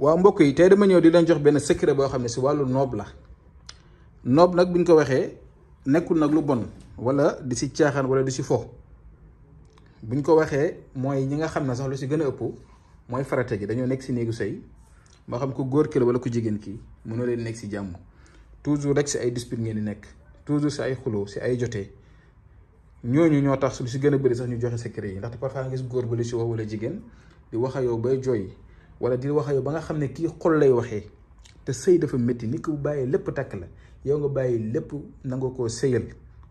wa mbok yi tay dama ñew di lañ jox ben secret bo xamné ci walu noble la buñ ko waxé nekul nak lu bon wala di ci tiaxan wala di ci fo buñ ko waxé moy ñi nga xamné sax lu si gëna ëpp moy farata gi dañoo nekk ci néegu sey moo xam ko goor ki wala ku jigen ki mëno leen nekk si jamm toujours rek si ay dispute ngeen di nekk toujours si ay xulo ci ay jotee ñoñu ñoo tax su lu si bëri sax ñu joxe secret yi ndax parfois nga gis goor bu li ci wo wala jigen di wax ak yow bay joy wala di wax yow ba nga xam ne kii xol lay waxee te sëy dafa métti nit ki bu bàyyee lépp takk la yow nga bàyyi lépp nanga koo sëyal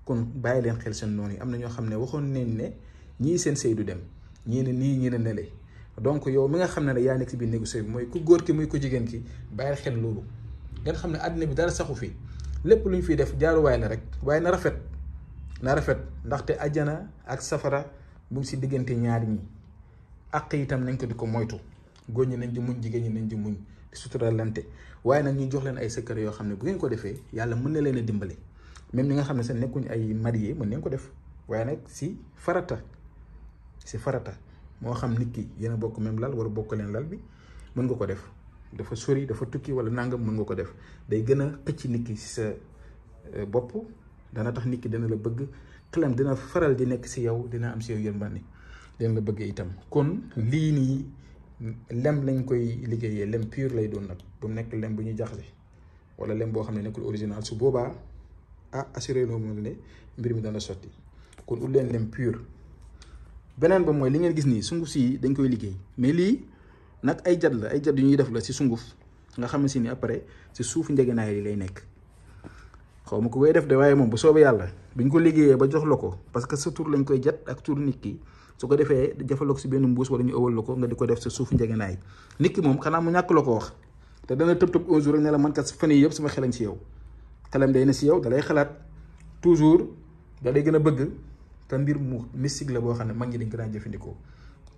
kon bàyyi leen xel seen noonu yi am na ñoo xam ne waxoon nañ ne ñii seen sëy du dem ñii ne nii ñii ne nele donc yow mi nga xam ne ne yaa nekk si biir néegu sëy bi mooy ku góor ki muy ku jigéen ki bàyyi xel loolu ngeen xam ne àddina bi dara saxu fi lépp lu ñu fiy def jaaruwaay la rek waaye na rafet na rafet ndaxte ajjana ak safara mu ngi si diggante ñaar ñi àq itam nañ ko di ko moytu góor ñi nañ di muñ jigéen ñi nañ di muñ di suturalante waaye nag ñu jox leen ay secret yoo xam ne bu ngeen ko defee yàlla mën na leen a dimbali même ñi nga xam ne seen nekkuñu ay marié mën nañ ko def waaye nag si farata si farata moo xam nit ki yéen a bokk même lal wala bokk leen lal bi mën nga ko def dafa sori dafa tukki wala nangam mën nga ko def day gën a xëcc nit ki si sa euh, bopp dana tax nit ki dana la bëgg xelam dina faral di nekk si yow dina am si yow yërmande dina la bëgg itam kon lii nii. lem lañ koy liggéeyee lem pur lay doon nag bu nekk lem bu ñuy jaxase wala lem boo xam ne nekkul original su boobaa ah assuré loo moom ne mbir mi dana sotti kon ut leen lem pur beneen ba mooy li ngeen gis nii sunguf yi dañ koy liggéey mais lii nag ay jat la ay jat yu ñuy def la si sunguf nga xam si ni après si suuf naa yi lay nekk xaw ma ko koy def de waaye moom bu soobee yàlla. ñu ko liggéeyee ba jox la ko parce que sa tur lañ koy jat ak tur nit ki su ko defee jafal ko si benn mbuus wala ñu ëwal la ko nga di ko def sa suuf njegenaay nit ki moom xanaa mu ñàkk la ko wax te dana tëb tëb un jour rek ne la man kat fan si yow xelam day xalaat toujours da lay a bëgg te mbir mu mystique la boo xam ne mag ñi dañ ko daan jëfandikoo.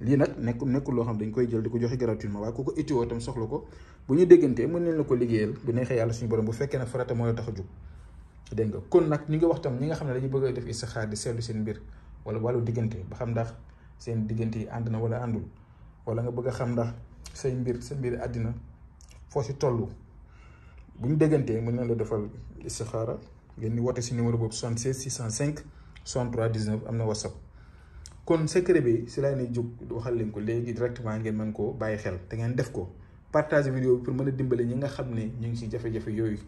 nekk nekkul loo xam dañ koy jël di ko joxe gratuitement waaye ku ko itoo itam soxla ko bu ñu déggantee mën nañ la ko liggéeyal bu neexee yàlla suñu borom bu fekkee ne farata moo la tax a jóg dégg nga kon nag ñu ngi wax tam ñi nga xam ne dañu bëgg a def istixaar di seetlu seen mbir wala wàllu diggante ba xam ndax seen diggante yi ànd na wala àndul wala nga bëgg a xam ndax say mbir sa mbir àddina foo si toll bu ñu déggantee mën na la defal istixaara ngeen di woote si numéro boobu cent 76 605 63 19 am na whatsapp kon secret bi si laa ne jóg waxal leen ko léegi directement ngeen mën koo bàyyi xel te ngeen def ko partage vidéo bi pour mën a dimbale ñi nga xam ne ñu ngi si jafe yooyu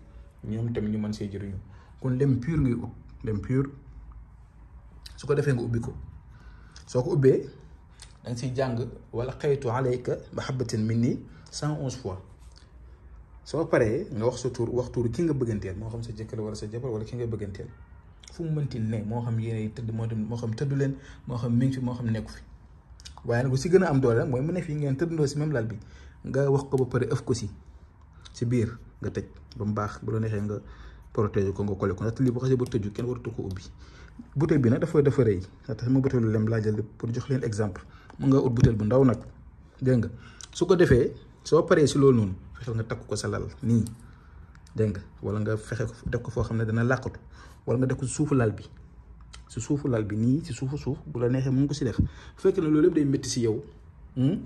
ñoom tamit ñu mën see jëriñu kon l'impur ngay ut l'impur su ko defee nga ubbi ko soo ko ubbee da nga siy jàng wala xaytu alayka mahabbatin minni cent onze fois soo paree nga wax sa tour wax tour ki nga bëgganteel moo xam sa jëkkër wala sa jabar wala ki nga bëgganteel fu mu mënti ne moo xam yéenay tëdd moo moo xam tëddu leen moo xam mi ngi fi moo xam nekku fi waaye nag bu si gën a am doole mooy mu ne fi ngeen tëddandoo si même lal bi nga wax ko ba pare ëf ko si ci biir nga tëj ba mu baax bu la neexee nga protéger ko nga collé ko ndaxte lii bu xasee ba tëju kenn waratu ko ubbi butéel bi nag dafa dafa rëy ndaxte sama butéelu lem laa jël pour jox leen exemple mun nga ut butéel bu ndaw nag dégg nga su ko defee soo paree si loolu noonu fexeel nga takk ko sa lal nii dégg nga wala nga fexe ko def ko foo xam ne dana làqatu wala nga def ko si suufu lal bi si suufu laal bi nii si suufu suuf bu la neexee mun ko si def fekk fekkee ne loolu yëpp day métti si yow. Hmm?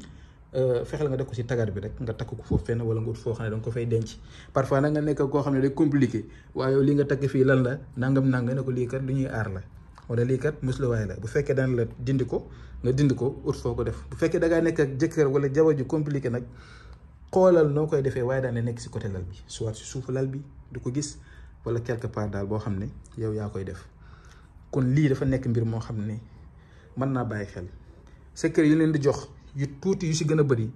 Euh, fexeel nga def ko si tagar bi rek nga takk ko foofu fenn wala nga ut foo xam ne danga ko fay denc parfois nag nga nekk koo xam ne day compliqué waaye li nga takk fii lan la nangam nangam ne ko lii kat lu ñuy aar la wala lii kat musluwaay la bu fekkee daan la dindi ko nga dindi ko ut foo ko def bu fekkee da ngaa nekk ak jëkkër wala jabar ju compliqué nag xoolal noo koy defee waaye daan nekk si côté lal bi soit si suufu lal bi du ko gis wala quelque part daal boo xam ne yow yaa koy def kon lii dafa nekk mbir moo xam ne mën naa bàyyi xel sa kër yi leen di jox yu tuuti yu si gën a bëri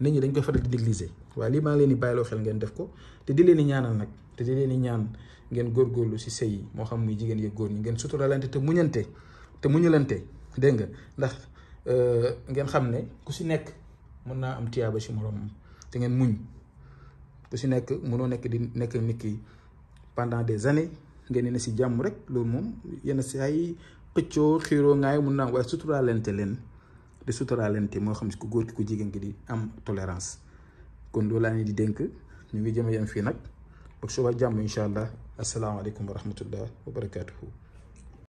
nit ñi dañ koy faral di négliger waaye lii maa ngi leen di bàyyiloo xel ngeen def ko te di leen di ñaanal nag te di leen di ñaan ngeen góorgóorlu si sëy yi moo xam muy jigéen yeeg góor ñi ngeen suturalante te muñante te muñalante dégg nga ndax euh, ngeen xam ne ku si nekk mën naa am tiyaaba si moroom te ngeen muñ ku si nekk mënoo nekk di nekk nit ki pendant des années ngeen ne si jàmm rek loolu moom yenn saa yi pëccoo xiiroo ngaay mun naa waaye suturalante leen. di suturaalante moo xam si ku góor ki ku jigéen ki di am tolérance kon loolu laa ngi di dénk ñu ngi jëm a fii nag ba suba jàmm incha allah asalaamaaleykum wa rahmatullah wa barakaatuhu